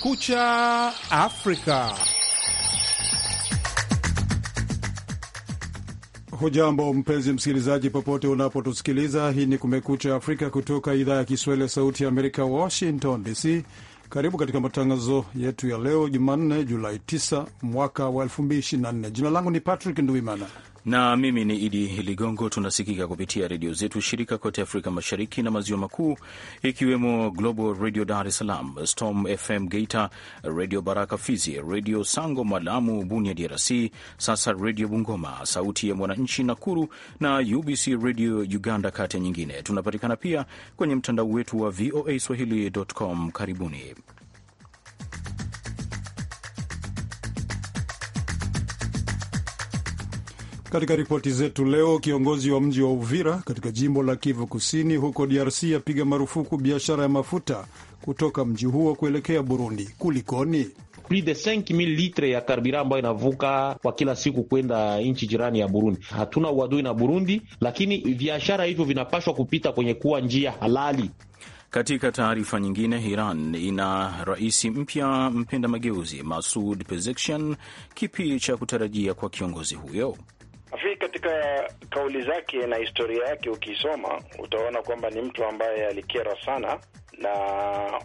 Kumekucha Afrika. Hujambo mpenzi msikilizaji, popote unapotusikiliza. Hii ni Kumekucha Afrika kutoka idhaa ya Kiswahili ya Sauti ya Amerika, Washington DC. Karibu katika matangazo yetu ya leo Jumanne, Julai 9 mwaka wa 2024. Jina langu ni Patrick Nduimana na mimi ni Idi Ligongo. Tunasikika kupitia redio zetu shirika kote Afrika Mashariki na Maziwa Makuu, ikiwemo Global Radio Dar es Salaam, Storm FM Geita, Redio Baraka Fizi, Redio Sango Malamu Bunia DRC, Sasa Redio Bungoma, Sauti ya Mwananchi Nakuru na UBC Redio Uganda, kati ya nyingine. Tunapatikana pia kwenye mtandao wetu wa VOA Swahili.com. Karibuni. Katika ripoti zetu leo, kiongozi wa mji wa Uvira katika jimbo la Kivu Kusini huko DRC apiga marufuku biashara ya mafuta kutoka mji huo kuelekea Burundi. Kulikoni? plus de 5000 litre ya karbira ambayo inavuka kwa kila siku kwenda nchi jirani ya Burundi. Hatuna uadui na Burundi, lakini biashara hivyo vinapashwa kupita kwenye kuwa njia halali. Katika taarifa nyingine, Iran ina rais mpya mpenda mageuzi Masud Pezeshkian. Kipi cha kutarajia kwa kiongozi huyo? Afi, katika kauli zake na historia yake, ukiisoma utaona kwamba ni mtu ambaye alikera sana na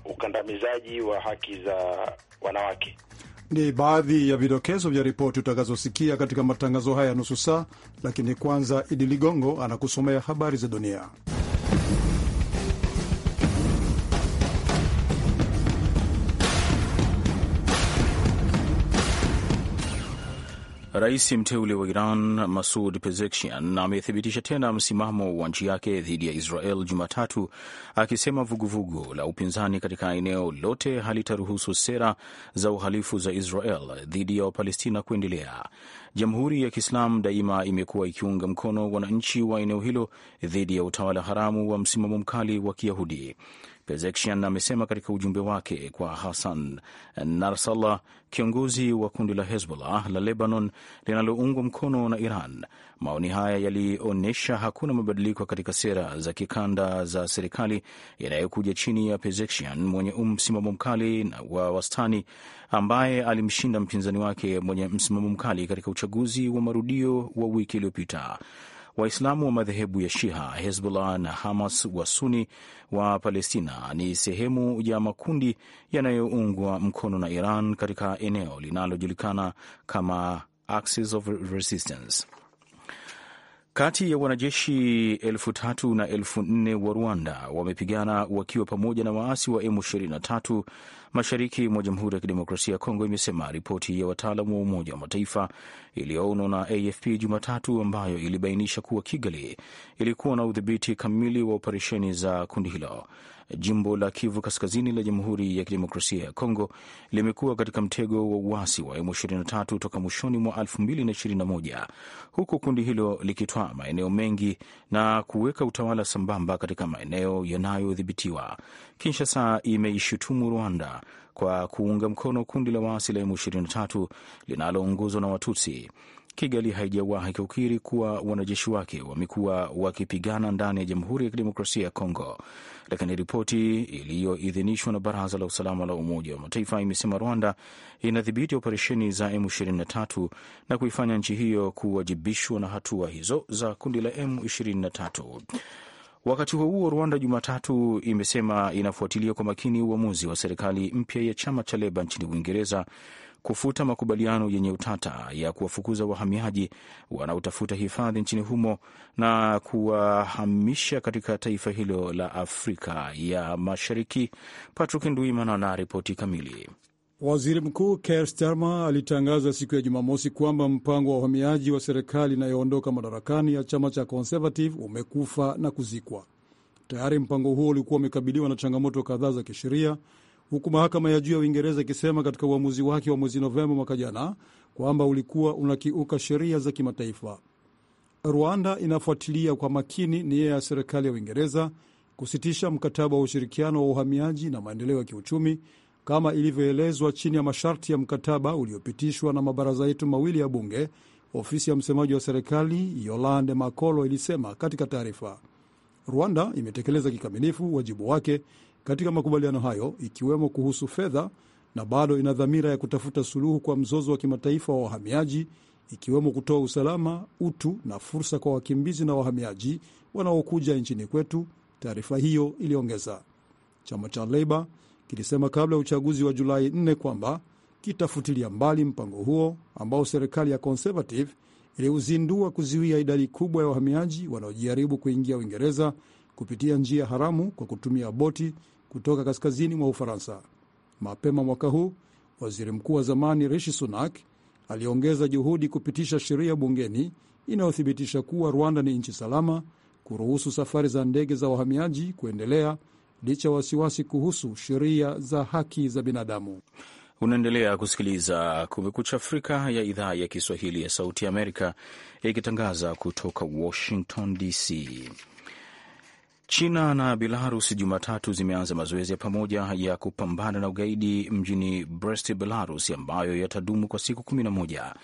ukandamizaji wa haki za wanawake. Ni baadhi ya vidokezo vya ripoti utakazosikia katika matangazo haya ya nusu saa, lakini kwanza Idi Ligongo anakusomea habari za dunia. Rais mteule wa Iran Masud Pezeshkian amethibitisha tena msimamo wa nchi yake dhidi ya Israel Jumatatu, akisema vuguvugu vugu la upinzani katika eneo lote halitaruhusu sera za uhalifu za Israel dhidi ya Wapalestina kuendelea. Jamhuri ya Kiislamu daima imekuwa ikiunga mkono wananchi wa eneo hilo dhidi ya utawala haramu wa msimamo mkali wa Kiyahudi. Pezeshkian amesema katika ujumbe wake kwa Hassan Nasrallah, kiongozi wa kundi la Hezbollah la Lebanon linaloungwa mkono na Iran. Maoni haya yalionyesha hakuna mabadiliko katika sera za kikanda za serikali yanayokuja chini ya Pezeshkian mwenye um, msimamo mkali wa wastani, ambaye alimshinda mpinzani wake mwenye msimamo mkali katika uchaguzi wa marudio wa wiki iliyopita. Waislamu wa madhehebu ya shiha Hezbollah na Hamas wa Suni wa Palestina ni sehemu ya makundi yanayoungwa mkono na Iran katika eneo linalojulikana kama Axis of Resistance. Kati ya wanajeshi elfu tatu na elfu nne wa Rwanda wamepigana wakiwa pamoja na waasi wa M23 mashariki mwa Jamhuri ya Kidemokrasia ya Kongo, imesema ripoti ya wataalam wa Umoja wa Mataifa iliyoonwa na AFP Jumatatu, ambayo ilibainisha kuwa Kigali ilikuwa na udhibiti kamili wa operesheni za kundi hilo jimbo la Kivu Kaskazini la Jamhuri ya Kidemokrasia ya Kongo limekuwa katika mtego wa uasi wa M23 toka mwishoni mwa 2021 huku kundi hilo likitwaa maeneo mengi na kuweka utawala sambamba katika maeneo yanayodhibitiwa. Kinshasa imeishutumu Rwanda kwa kuunga mkono kundi la waasi la M23 linaloongozwa na Watutsi. Kigali haijawahi kukiri kuwa wanajeshi wake wamekuwa wakipigana ndani ya Jamhuri ya Kidemokrasia ya Kongo, lakini ripoti iliyoidhinishwa na Baraza la Usalama la Umoja wa Mataifa imesema Rwanda inadhibiti operesheni za M23 na kuifanya nchi hiyo kuwajibishwa na hatua hizo za kundi la M23. Wakati huo huo, Rwanda Jumatatu imesema inafuatilia kwa makini uamuzi wa serikali mpya ya chama cha Leba nchini Uingereza kufuta makubaliano yenye utata ya kuwafukuza wahamiaji wanaotafuta hifadhi nchini humo na kuwahamisha katika taifa hilo la Afrika ya Mashariki. Patrick Nduimana na ripoti kamili. Waziri Mkuu Keir Starmer alitangaza siku ya Jumamosi kwamba mpango wa uhamiaji wa serikali inayoondoka madarakani ya chama cha Conservative umekufa na kuzikwa. Tayari mpango huo ulikuwa umekabiliwa na changamoto kadhaa za kisheria huku mahakama ya juu ya Uingereza ikisema katika uamuzi wake wa mwezi Novemba mwaka jana kwamba ulikuwa unakiuka sheria za kimataifa. Rwanda inafuatilia kwa makini nia ya serikali ya Uingereza kusitisha mkataba wa ushirikiano wa uhamiaji na maendeleo ya kiuchumi kama ilivyoelezwa chini ya masharti ya mkataba uliopitishwa na mabaraza yetu mawili ya bunge, ofisi ya msemaji wa serikali Yolande Makolo ilisema katika taarifa. Rwanda imetekeleza kikamilifu wajibu wake katika makubaliano hayo, ikiwemo kuhusu fedha, na bado ina dhamira ya kutafuta suluhu kwa mzozo wa kimataifa wa wahamiaji, ikiwemo kutoa usalama, utu na fursa kwa wakimbizi na wahamiaji wanaokuja nchini kwetu, taarifa hiyo iliongeza. Chama cha Leba kilisema kabla ya uchaguzi wa Julai 4 kwamba kitafutilia mbali mpango huo ambao serikali ya Conservative iliuzindua kuziwia idadi kubwa ya wahamiaji wanaojaribu kuingia Uingereza kupitia njia haramu kwa kutumia boti kutoka kaskazini mwa Ufaransa. Mapema mwaka huu waziri mkuu wa zamani Rishi Sunak aliongeza juhudi kupitisha sheria bungeni inayothibitisha kuwa Rwanda ni nchi salama, kuruhusu safari za ndege za wahamiaji kuendelea licha wasiwasi kuhusu sheria za haki za binadamu. Unaendelea kusikiliza Kumekucha Afrika ya idhaa ya Kiswahili ya Sauti ya Amerika ikitangaza kutoka Washington DC. China na Belarus Jumatatu zimeanza mazoezi ya pamoja ya kupambana na ugaidi mjini Brest, Belarus, ambayo yatadumu kwa siku kumi na moja.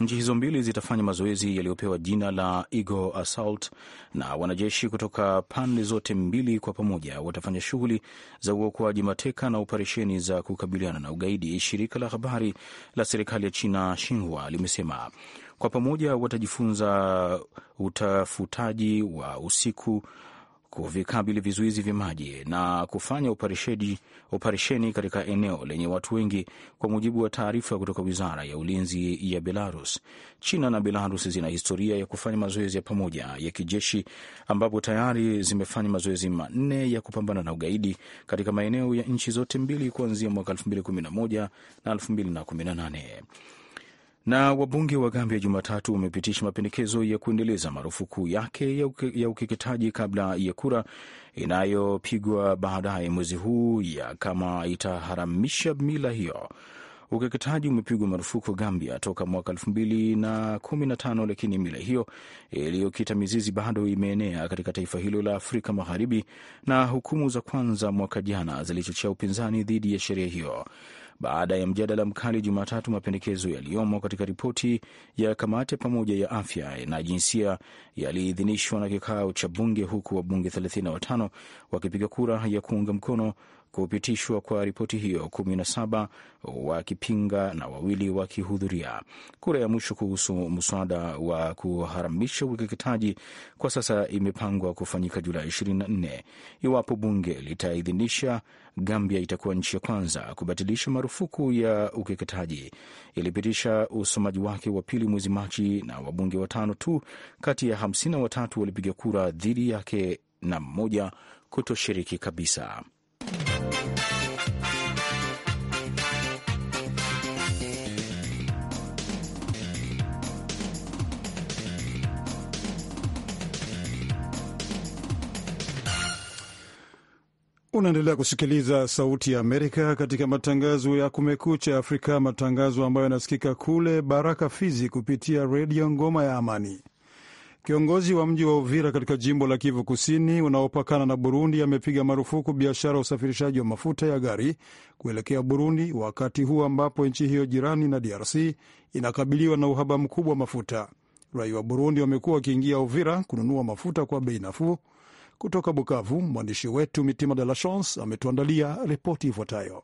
Nchi hizo mbili zitafanya mazoezi yaliyopewa jina la Eagle Assault, na wanajeshi kutoka pande zote mbili kwa pamoja watafanya shughuli za uokoaji mateka na operesheni za kukabiliana na ugaidi, shirika la habari la serikali ya China Xinhua limesema. Kwa pamoja watajifunza utafutaji wa usiku kuvikabili vizuizi vya maji na kufanya operesheni katika eneo lenye watu wengi, kwa mujibu wa taarifa kutoka wizara ya ulinzi ya Belarus. China na Belarus zina historia ya kufanya mazoezi ya pamoja ya kijeshi, ambapo tayari zimefanya mazoezi manne ya kupambana na ugaidi katika maeneo ya nchi zote mbili kuanzia mwaka 2011 na 2018. Na wabunge wa Gambia Jumatatu wamepitisha mapendekezo ya kuendeleza marufuku yake ya, uke, ya ukeketaji kabla ya kura inayopigwa baadaye mwezi huu ya kama itaharamisha mila hiyo. Ukeketaji umepigwa marufuku Gambia toka mwaka elfu mbili na kumi na tano, lakini mila hiyo iliyokita mizizi bado imeenea katika taifa hilo la Afrika Magharibi, na hukumu za kwanza mwaka jana zilichochea upinzani dhidi ya sheria hiyo. Baada ya mjadala mkali Jumatatu, mapendekezo yaliyomo katika ripoti ya kamati ya pamoja ya afya na jinsia yaliidhinishwa na kikao cha bunge, huku wabunge 35 wakipiga kura ya kuunga mkono kupitishwa kwa ripoti hiyo, 17 wakipinga na wawili wakihudhuria. Kura ya mwisho kuhusu mswada wa kuharamisha ukeketaji kwa sasa imepangwa kufanyika Julai 24. Iwapo bunge litaidhinisha, Gambia itakuwa nchi ya kwanza kubatilisha marufuku ya ukeketaji. Ilipitisha usomaji wake wa pili mwezi Machi, na wabunge watano tu kati ya 53 walipiga kura dhidi yake na mmoja kutoshiriki kabisa. Unaendelea kusikiliza Sauti ya Amerika katika matangazo ya Kumekucha Afrika, matangazo ambayo yanasikika kule Baraka, Fizi, kupitia Redio Ngoma ya Amani. Kiongozi wa mji wa Uvira katika jimbo la Kivu Kusini unaopakana na Burundi amepiga marufuku biashara ya usafirishaji wa mafuta ya gari kuelekea Burundi, wakati huu ambapo nchi hiyo jirani na DRC inakabiliwa na uhaba mkubwa wa mafuta. Raia wa Burundi wamekuwa wakiingia Uvira kununua mafuta kwa bei nafuu, kutoka Bukavu, mwandishi wetu Mitima de la Chance ametuandalia ripoti ifuatayo.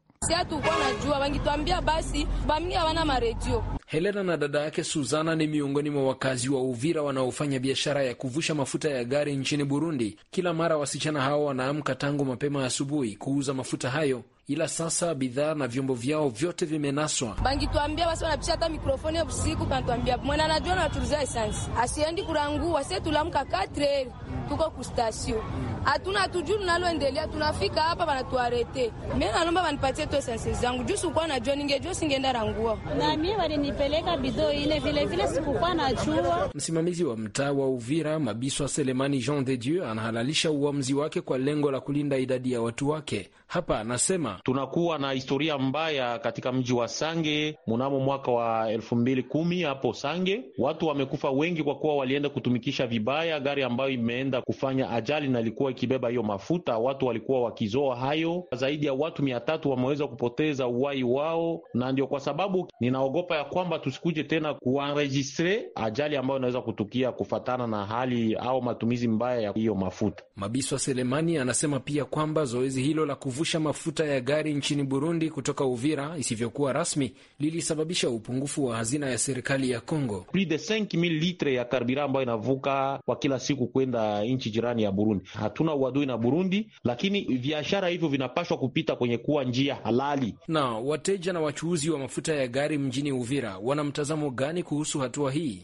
Helena na dada yake Suzana ni miongoni mwa wakazi wa Uvira wanaofanya biashara ya kuvusha mafuta ya gari nchini Burundi. Kila mara wasichana hao wanaamka tangu mapema asubuhi kuuza mafuta hayo ila sasa bidhaa na vyombo vyao vyote vimenaswa. Bangituambia basi wanapisha hata mikrofoni ya usiku, kanatuambia mwana anajua na tulizia esansi asiendi kurangua sie tulamka katre tuko kustasio hatuna tujuu tunaloendelea tunafika hapa banatuarete. Mie nalomba banipatie tu esansi zangu juu sikuwa najua, ningejua singeenda rangua na mie walinipeleka bidho ile vilevile, sikukuwa najua. Msimamizi wa mtaa wa Uvira Mabiswa Selemani Jean de Dieu anahalalisha uamuzi wake kwa lengo la kulinda idadi ya watu wake. Hapa anasema tunakuwa na historia mbaya katika mji wa Sange. Mnamo mwaka wa elfu mbili kumi hapo Sange watu wamekufa wengi kwa kuwa walienda kutumikisha vibaya gari ambayo imeenda kufanya ajali na ilikuwa ikibeba hiyo mafuta, watu walikuwa wakizoa hayo. Zaidi ya watu mia tatu wameweza kupoteza uwai wao, na ndio kwa sababu ninaogopa ya kwamba tusikuje tena kuanregistre ajali ambayo inaweza kutukia kufatana na hali au matumizi mbaya ya hiyo mafuta. Mabiswa Selemani anasema pia kwamba zoezi hilo la kuvusha mafuta ya ya gari nchini Burundi kutoka Uvira isivyokuwa rasmi lilisababisha upungufu wa hazina ya serikali ya congo Plus de 5000 litre ya karbira ambayo inavuka kwa kila siku kwenda nchi jirani ya Burundi. Hatuna uadui na Burundi, lakini biashara hivyo vinapashwa kupita kwenye kuwa njia halali. Na wateja na wachuuzi wa mafuta ya gari mjini Uvira wana mtazamo gani kuhusu hatua hii?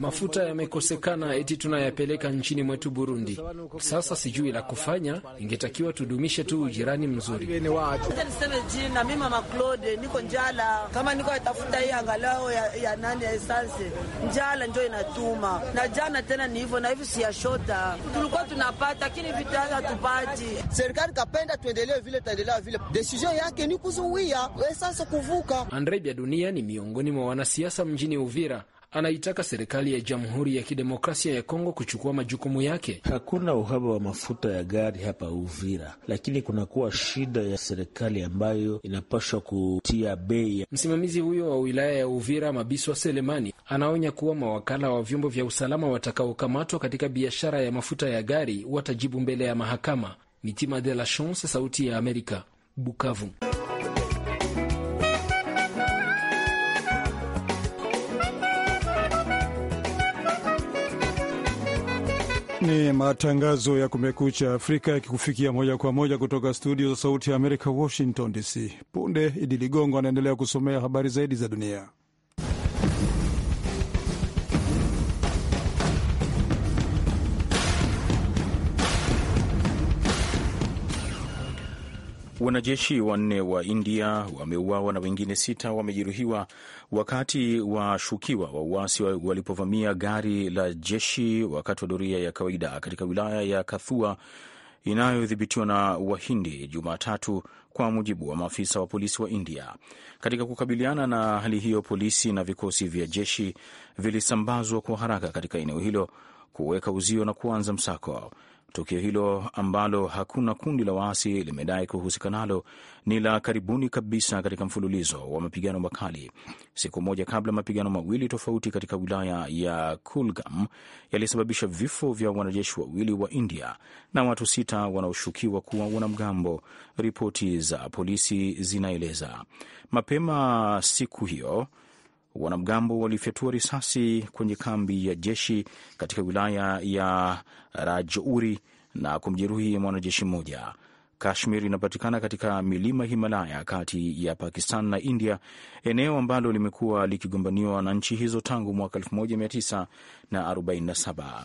Mafuta yamekosekana, eti tunayapeleka nchini mwetu Burundi. Sasa sijui la kufanya, ingetakiwa tudumishe tu jirani mzuri. Niseme jina, mimi mama Claude, niko njala, kama niko atafuta hii angalao ya, ya nani ya esanse, njala njo inatuma na jana tena ni hivyo na hivi siyashota, tulikuwa tunapata lakini vita hatupati. Serikali kapenda tuendelee vile taendelea vile, decision yake ni kuzuia esanse kuvuka. Andre Bya Dunia ni miongoni mwa wanasiasa mjini Uvira anaitaka serikali ya Jamhuri ya Kidemokrasia ya Kongo kuchukua majukumu yake. Hakuna uhaba wa mafuta ya gari hapa Uvira, lakini kunakuwa shida ya serikali ambayo inapashwa kutia bei. Msimamizi huyo wa wilaya ya Uvira, Mabiswa Selemani, anaonya kuwa mawakala wa vyombo vya usalama watakaokamatwa katika biashara ya mafuta ya gari watajibu mbele ya mahakama. Mitima de la Chance, Sauti ya Amerika, Bukavu. Ni matangazo ya Kumekucha Afrika yakikufikia moja kwa moja kutoka studio za Sauti ya Amerika, Washington DC. Punde Idi Ligongo anaendelea kusomea habari zaidi za dunia. Wanajeshi wanne wa India wameuawa na wengine sita wamejeruhiwa wakati washukiwa wa uasi walipovamia gari la jeshi wakati wa doria ya kawaida katika wilaya ya Kathua inayodhibitiwa na Wahindi Jumatatu, kwa mujibu wa maafisa wa polisi wa India. Katika kukabiliana na hali hiyo, polisi na vikosi vya jeshi vilisambazwa kwa haraka katika eneo hilo kuweka uzio na kuanza msako. Tukio hilo ambalo hakuna kundi la waasi limedai kuhusika nalo ni la karibuni kabisa katika mfululizo wa mapigano makali, siku moja kabla mapigano mawili tofauti katika wilaya ya Kulgam yalisababisha vifo vya wanajeshi wawili wa India na watu sita wanaoshukiwa kuwa wanamgambo, ripoti za polisi zinaeleza. Mapema siku hiyo wanamgambo walifyatua risasi kwenye kambi ya jeshi katika wilaya ya Rajouri na kumjeruhi mwanajeshi mmoja. Kashmir inapatikana katika milima Himalaya kati ya Pakistan na India, eneo ambalo limekuwa likigombaniwa na nchi hizo tangu mwaka 1947.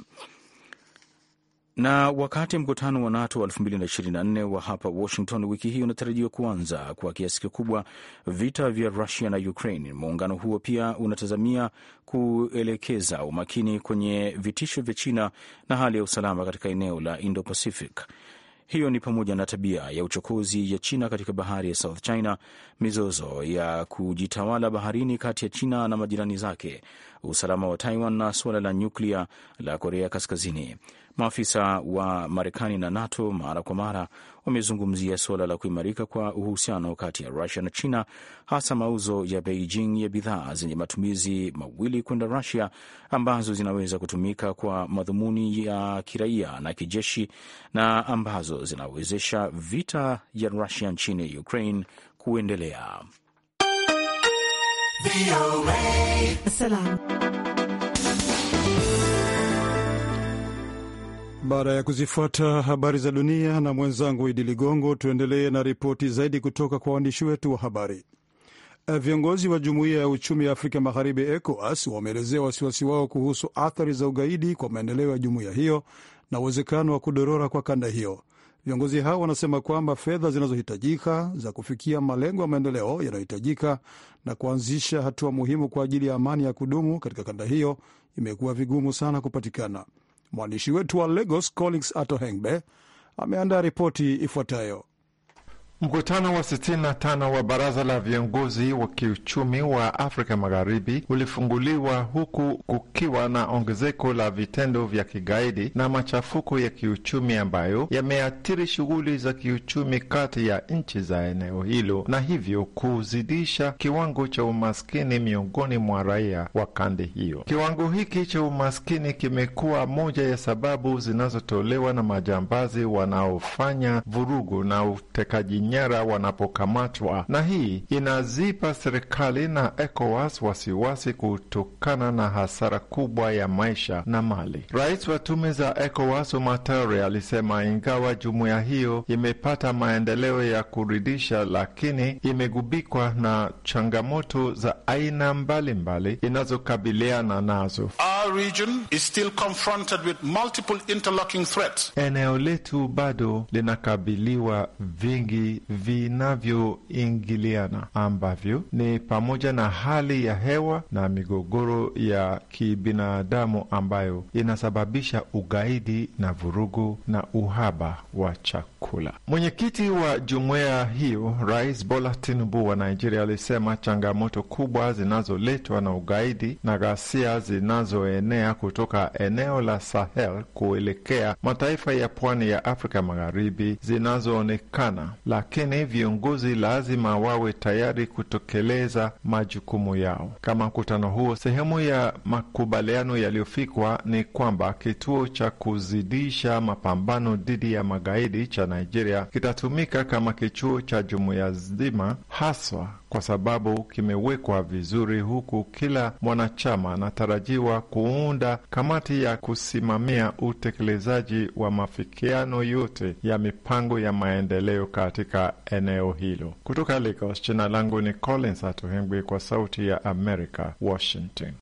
Na wakati mkutano wa NATO wa 2024 wa hapa Washington wiki hii unatarajiwa kuanza kwa kiasi kikubwa vita vya Rusia na Ukraine, muungano huo pia unatazamia kuelekeza umakini kwenye vitisho vya China na hali ya usalama katika eneo la Indo-Pacific. Hiyo ni pamoja na tabia ya uchokozi ya China katika bahari ya South China, mizozo ya kujitawala baharini kati ya China na majirani zake, usalama wa Taiwan na suala la nyuklia la Korea Kaskazini. Maafisa wa Marekani na NATO mara kwa mara wamezungumzia suala la kuimarika kwa uhusiano kati ya Rusia na China, hasa mauzo ya Beijing ya bidhaa zenye matumizi mawili kwenda Rusia ambazo zinaweza kutumika kwa madhumuni ya kiraia na kijeshi na ambazo zinawezesha vita ya Rusia nchini Ukraine kuendelea. Salam. Baada ya kuzifuata habari za dunia na mwenzangu Idi Ligongo, tuendelee na ripoti zaidi kutoka kwa waandishi wetu wa habari. Eh, viongozi wa jumuiya ya uchumi ya Afrika Magharibi, ECOWAS, wameelezea wasiwasi wao kuhusu athari za ugaidi kwa maendeleo ya jumuiya hiyo na uwezekano wa kudorora kwa kanda hiyo. Viongozi hao wanasema kwamba fedha zinazohitajika za kufikia malengo ya maendeleo yanayohitajika na kuanzisha hatua muhimu kwa ajili ya amani ya kudumu katika kanda hiyo imekuwa vigumu sana kupatikana. Mwandishi wetu wa Lagos Collins Ato Hengbe ameandaa ripoti ifuatayo. Mkutano wa 65 wa baraza la viongozi wa kiuchumi wa Afrika Magharibi ulifunguliwa huku kukiwa na ongezeko la vitendo vya kigaidi na machafuko ya kiuchumi ambayo yameathiri shughuli za kiuchumi kati ya nchi za eneo hilo na hivyo kuzidisha kiwango cha umaskini miongoni mwa raia wa kande hiyo. Kiwango hiki cha umaskini kimekuwa moja ya sababu zinazotolewa na majambazi wanaofanya vurugu na utekaji nyara wanapokamatwa, na hii inazipa serikali na ECOWAS wasiwasi kutokana na hasara kubwa ya maisha na mali. Rais wa tume za ECOWAS Umatare alisema ingawa jumuiya hiyo imepata maendeleo ya kuridhisha, lakini imegubikwa na changamoto za aina mbalimbali inazokabiliana nazo. Our region is still confronted with multiple interlocking threats. Eneo letu bado linakabiliwa vingi vinavyoingiliana ambavyo ni pamoja na hali ya hewa na migogoro ya kibinadamu ambayo inasababisha ugaidi na vurugu na uhaba wa chakula. Mwenyekiti wa jumuiya hiyo, Rais Bola Tinubu wa Nigeria, alisema changamoto kubwa zinazoletwa na ugaidi na ghasia zinazoenea kutoka eneo la Sahel kuelekea mataifa ya pwani ya Afrika Magharibi zinazoonekana la lakini viongozi lazima wawe tayari kutekeleza majukumu yao. Kama mkutano huo, sehemu ya makubaliano yaliyofikwa ni kwamba kituo cha kuzidisha mapambano dhidi ya magaidi cha Nigeria kitatumika kama kichuo cha jumuiya nzima haswa kwa sababu kimewekwa vizuri, huku kila mwanachama anatarajiwa kuunda kamati ya kusimamia utekelezaji wa mafikiano yote ya mipango ya maendeleo katika eneo hilo. Kutoka Lagos, jina langu ni Collins Atohengwi, kwa Sauti ya Amerika, Washington.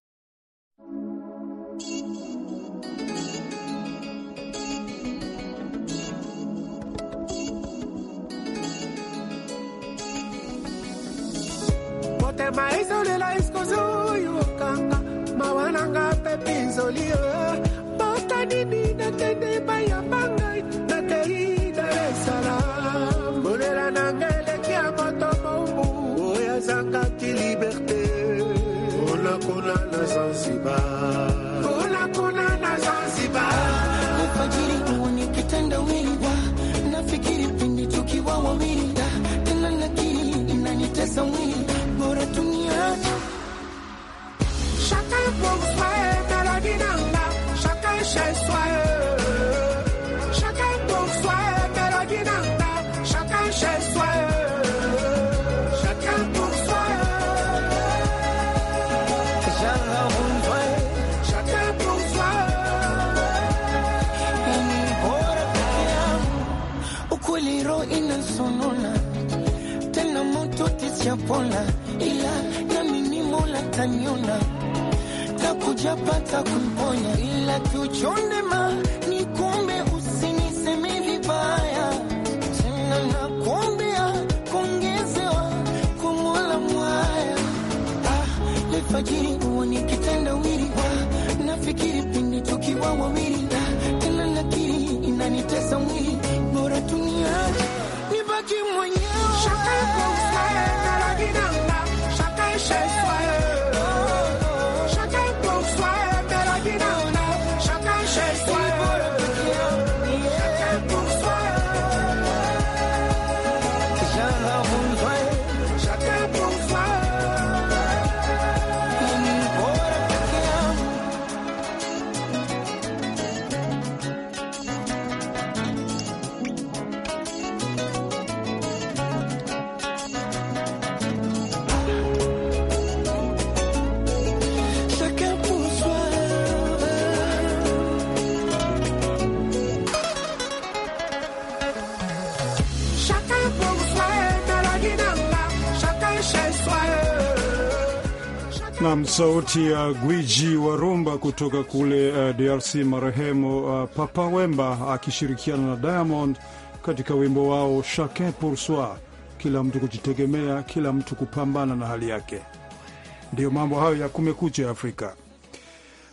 ma isolela isikozo yokanga mawananga pe pinzolio botanini nakende kweli roho inasonona tena, moto tishapola, ila nami ni Mola taniona, pata kuponya, ila tuchonde ma ni kumbe, usiniseme vibaya tena, na nakuombea kuongezewa kumola mwaya. Ah, lefajiri huwa nikitenda wa nafikiri pindi tukiwa wawiri Nam, sauti ya gwiji wa rumba kutoka kule uh, eh, DRC, marehemu uh, Papa Wemba akishirikiana na Diamond katika wimbo wao Chacun pour soi, kila mtu kujitegemea, kila mtu kupambana na hali yake. Ndiyo mambo hayo ya Kumekucha Afrika.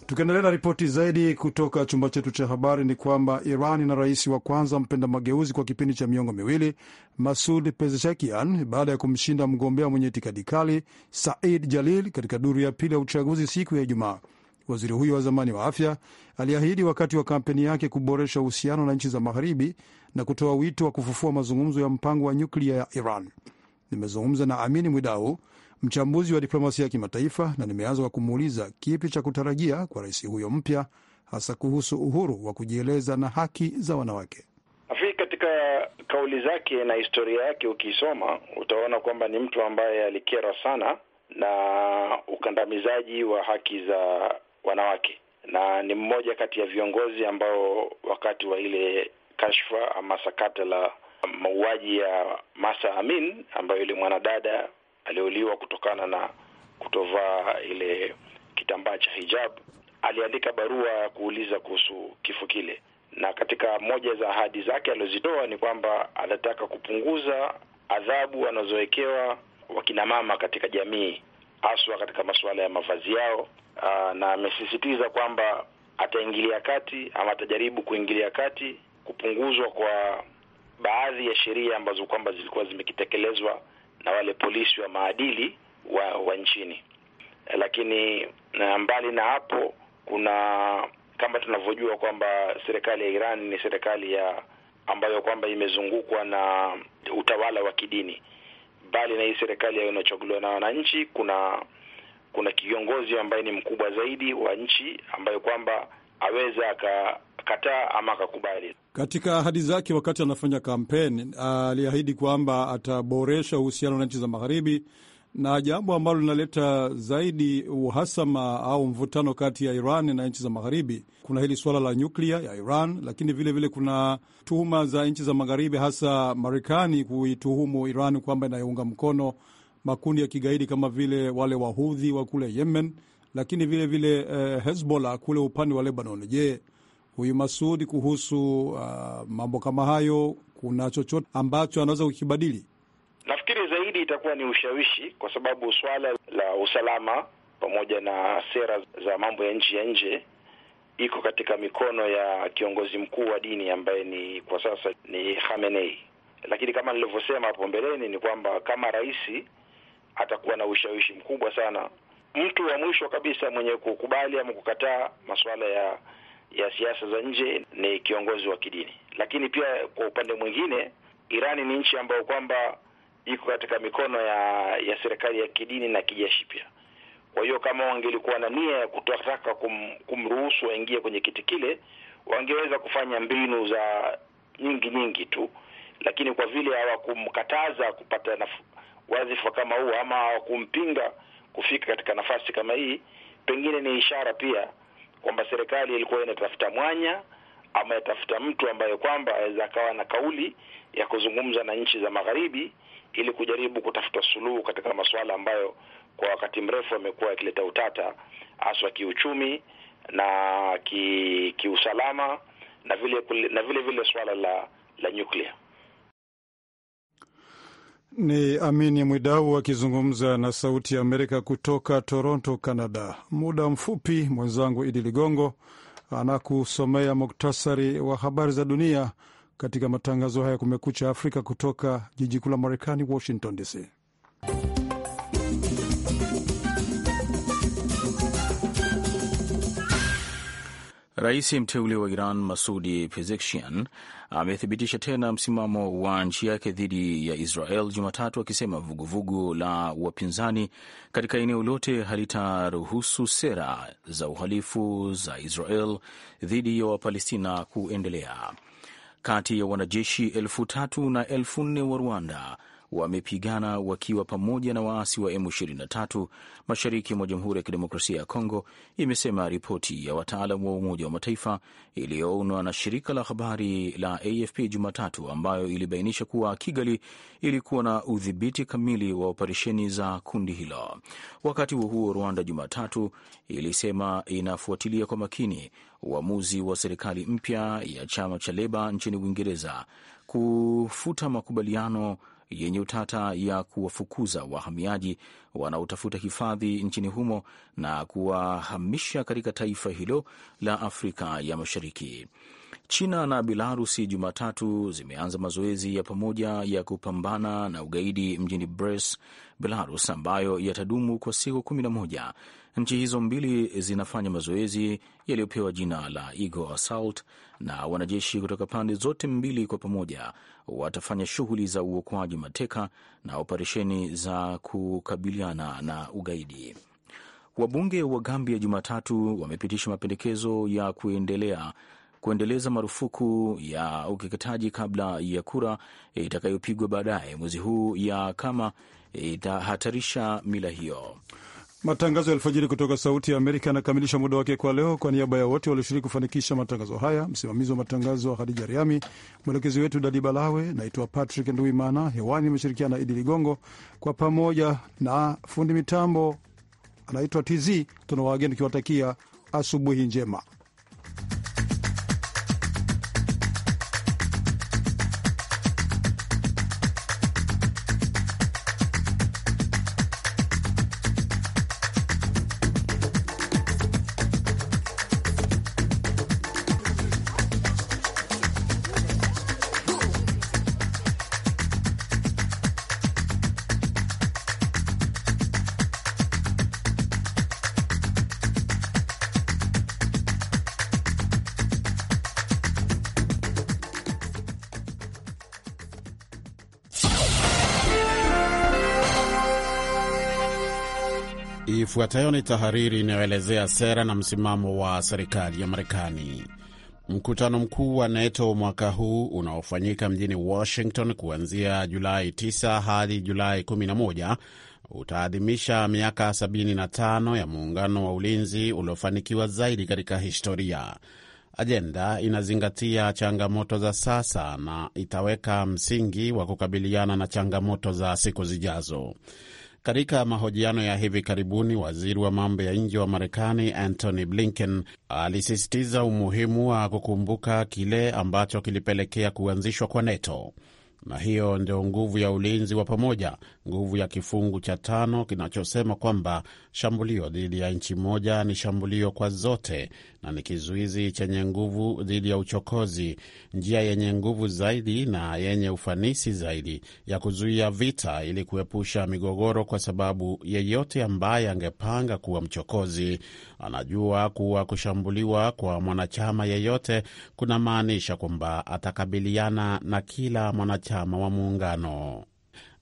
Tukiendelea na ripoti zaidi kutoka chumba chetu cha habari ni kwamba Iran ina rais wa kwanza mpenda mageuzi kwa kipindi cha miongo miwili Masud Pezeshakian baada ya kumshinda mgombea mwenye itikadi kali Said Jalil katika duru ya pili ya uchaguzi siku ya Ijumaa. Waziri huyo wa zamani wa afya aliahidi wakati wa kampeni yake kuboresha uhusiano na nchi za Magharibi na kutoa wito wa kufufua mazungumzo ya mpango wa nyuklia ya Iran. Nimezungumza na Amini Mwidau mchambuzi wa diplomasia ya kimataifa, na nimeanza kwa kumuuliza kipi cha kutarajia kwa rais huyo mpya, hasa kuhusu uhuru wa kujieleza na haki za wanawake. Nafikiri katika kauli zake na historia yake, ukiisoma utaona kwamba ni mtu ambaye alikera sana na ukandamizaji wa haki za wanawake, na ni mmoja kati ya viongozi ambao wakati wa ile kashfa ama sakata la mauaji ya Masa Amin ambayo ile mwanadada aliyeuliwa kutokana na kutovaa ile kitambaa cha hijab, aliandika barua ya kuuliza kuhusu kifo kile, na katika moja za ahadi zake alizotoa ni kwamba anataka kupunguza adhabu wanazowekewa wakina mama katika jamii, haswa katika masuala ya mavazi yao, na amesisitiza kwamba ataingilia kati ama atajaribu kuingilia kati kupunguzwa kwa baadhi ya sheria ambazo kwamba zilikuwa zimekitekelezwa na wale polisi wa maadili wa, wa nchini. Lakini na mbali na hapo, kuna kama tunavyojua kwamba serikali ya Iran ni serikali ya ambayo kwamba imezungukwa na utawala wa kidini. Mbali na hii serikali inayochaguliwa na wananchi, kuna kuna kiongozi ambaye ni mkubwa zaidi wa nchi ambayo kwamba aweze akakataa ama akakubali. Katika ahadi zake wakati anafanya kampeni, aliahidi kwamba ataboresha uhusiano na nchi za Magharibi, na jambo ambalo linaleta zaidi uhasama au mvutano kati ya Iran na nchi za Magharibi. Kuna hili suala la nyuklia ya Iran, lakini vilevile vile kuna tuhuma za nchi za Magharibi, hasa Marekani, kuituhumu Iran kwamba inayounga mkono makundi ya kigaidi kama vile wale wahudhi wa kule Yemen lakini vile vile uh, Hezbollah kule upande wa Lebanon. Je, huyu Masudi kuhusu uh, mambo kama hayo, kuna chochote ambacho anaweza kukibadili? Nafikiri zaidi itakuwa ni ushawishi, kwa sababu swala la usalama pamoja na sera za mambo ya nchi ya nje iko katika mikono ya kiongozi mkuu wa dini ambaye ni kwa sasa ni Khamenei. Lakini kama nilivyosema hapo mbeleni ni kwamba kama rais atakuwa na ushawishi mkubwa sana mtu wa mwisho kabisa mwenye kukubali ama kukataa masuala ya ya siasa za nje ni kiongozi wa kidini. Lakini pia kwa upande mwingine, Irani ni nchi ambayo kwamba iko katika mikono ya ya serikali ya kidini na kijeshi pia. Kwa hiyo kama wangelikuwa na nia ya kutotaka kum, kumruhusu aingie kwenye kiti kile, wangeweza kufanya mbinu za nyingi nyingi tu, lakini kwa vile hawakumkataza kupata wadhifa kama huo ama hawakumpinga kufika katika nafasi kama hii, pengine ni ishara pia kwamba serikali ilikuwa inatafuta mwanya ama inatafuta mtu ambaye kwamba aweza akawa na kauli ya kuzungumza na nchi za magharibi ili kujaribu kutafuta suluhu katika masuala ambayo kwa wakati mrefu amekuwa yakileta utata haswa kiuchumi na ki, kiusalama na vile na vile vile suala la la nyuklia. Ni Amini Mwidau akizungumza na Sauti ya Amerika kutoka Toronto, Canada. Muda mfupi mwenzangu Idi Ligongo anakusomea muktasari wa habari za dunia katika matangazo haya ya Kumekucha Afrika kutoka jiji kuu la Marekani, Washington DC. Rais mteule wa Iran Masudi Pezeshkian amethibitisha tena msimamo wa nchi yake dhidi ya Israel Jumatatu, akisema vuguvugu la wapinzani katika eneo lote halitaruhusu sera za uhalifu za Israel dhidi ya Wapalestina kuendelea. Kati ya wanajeshi elfu tatu na elfu nne wa Rwanda wamepigana wakiwa pamoja na waasi wa M23 mashariki mwa Jamhuri ya Kidemokrasia ya Kongo, imesema ripoti ya wataalam wa Umoja wa Mataifa iliyoonwa na shirika la habari la AFP Jumatatu, ambayo ilibainisha kuwa Kigali ilikuwa na udhibiti kamili wa operesheni za kundi hilo. Wakati huo huo, Rwanda Jumatatu ilisema inafuatilia kwa makini uamuzi wa serikali mpya ya chama cha Leba nchini Uingereza kufuta makubaliano yenye utata ya kuwafukuza wahamiaji wanaotafuta hifadhi nchini humo na kuwahamisha katika taifa hilo la Afrika ya Mashariki. China na Belarusi Jumatatu zimeanza mazoezi ya pamoja ya kupambana na ugaidi mjini Brest, Belarus, ambayo yatadumu kwa siku kumi na moja. Nchi hizo mbili zinafanya mazoezi yaliyopewa jina la Eagle Assault, na wanajeshi kutoka pande zote mbili kwa pamoja watafanya shughuli za uokoaji mateka na operesheni za kukabiliana na ugaidi. Wabunge wa Gambia Jumatatu wamepitisha mapendekezo ya kuendelea kuendeleza marufuku ya ukeketaji kabla ya kura eh, itakayopigwa baadaye mwezi huu ya kama eh, itahatarisha mila hiyo. Matangazo ya alfajiri kutoka Sauti ya Amerika yanakamilisha muda wake kwa leo. Kwa niaba ya wote walioshiriki kufanikisha matangazo haya, msimamizi wa matangazo wa Hadija Riami, mwelekezi wetu Dadi Balawe. Naitwa Patrick Nduimana, hewani imeshirikiana na Idi Ligongo, kwa pamoja na fundi mitambo anaitwa TZ. Tuna wageni tukiwatakia asubuhi njema. Ifuatayo ni tahariri inayoelezea sera na msimamo wa serikali ya Marekani. Mkutano mkuu wa NATO mwaka huu unaofanyika mjini Washington kuanzia Julai 9 hadi Julai 11 utaadhimisha miaka 75 ya muungano wa ulinzi uliofanikiwa zaidi katika historia. Ajenda inazingatia changamoto za sasa na itaweka msingi wa kukabiliana na changamoto za siku zijazo. Katika mahojiano ya hivi karibuni, waziri wa mambo ya nje wa Marekani Antony Blinken alisisitiza umuhimu wa kukumbuka kile ambacho kilipelekea kuanzishwa kwa NATO, na hiyo ndio nguvu ya ulinzi wa pamoja nguvu ya kifungu cha tano kinachosema kwamba shambulio dhidi ya nchi moja ni shambulio kwa zote na ni kizuizi chenye nguvu dhidi ya uchokozi, njia yenye nguvu zaidi na yenye ufanisi zaidi ya kuzuia vita ili kuepusha migogoro, kwa sababu yeyote ambaye angepanga kuwa mchokozi anajua kuwa kushambuliwa kwa mwanachama yeyote kunamaanisha kwamba atakabiliana na kila mwanachama wa muungano.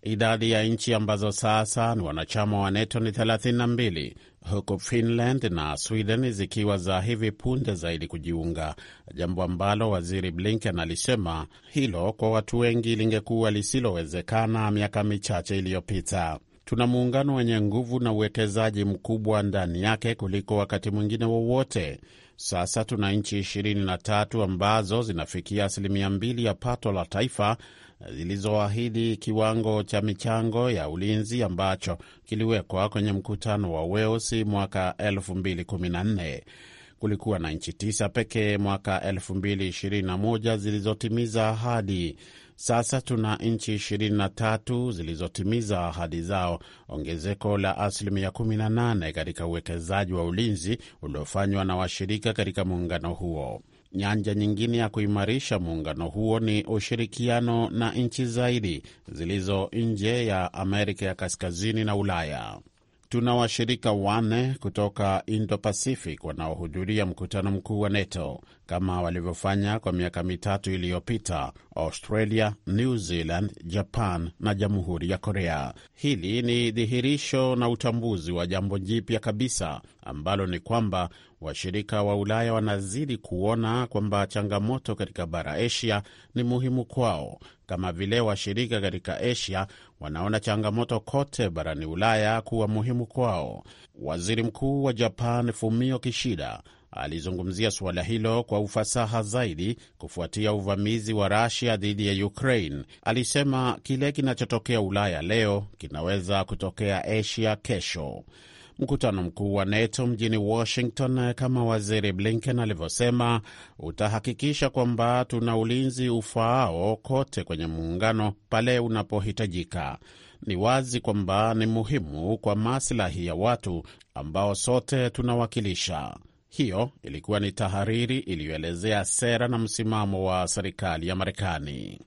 Idadi ya nchi ambazo sasa ni wanachama wa NATO ni 32 huku Finland na Sweden zikiwa za hivi punde zaidi kujiunga, jambo ambalo waziri Blinken alisema hilo kwa watu wengi lingekuwa lisilowezekana miaka michache iliyopita. Tuna muungano wenye nguvu na uwekezaji mkubwa ndani yake kuliko wakati mwingine wowote sasa tuna nchi 23 ambazo zinafikia asilimia mbili ya pato la taifa zilizoahidi kiwango cha michango ya ulinzi ambacho kiliwekwa kwenye mkutano wa Weusi mwaka 2014. Kulikuwa na nchi tisa pekee mwaka 2021 zilizotimiza ahadi. Sasa tuna nchi 23 zilizotimiza ahadi zao, ongezeko la asilimia 18 katika uwekezaji wa ulinzi uliofanywa na washirika katika muungano huo. Nyanja nyingine ya kuimarisha muungano huo ni ushirikiano na nchi zaidi zilizo nje ya Amerika ya Kaskazini na Ulaya. Tuna washirika wanne kutoka Indo Pacific wanaohudhuria mkutano mkuu wa NATO kama walivyofanya kwa miaka mitatu iliyopita Australia, New Zealand, Japan na Jamhuri ya Korea. Hili ni dhihirisho na utambuzi wa jambo jipya kabisa ambalo ni kwamba washirika wa Ulaya wanazidi kuona kwamba changamoto katika bara Asia ni muhimu kwao, kama vile washirika katika Asia wanaona changamoto kote barani Ulaya kuwa muhimu kwao. Waziri Mkuu wa Japan Fumio Kishida alizungumzia suala hilo kwa ufasaha zaidi kufuatia uvamizi wa rasia dhidi ya Ukraine. Alisema kile kinachotokea Ulaya leo kinaweza kutokea Asia kesho. Mkutano mkuu wa NATO mjini Washington, kama waziri Blinken alivyosema, utahakikisha kwamba tuna ulinzi ufaao kote kwenye muungano pale unapohitajika. Ni wazi kwamba ni muhimu kwa maslahi ya watu ambao sote tunawakilisha. Hiyo ilikuwa ni tahariri iliyoelezea sera na msimamo wa serikali ya Marekani.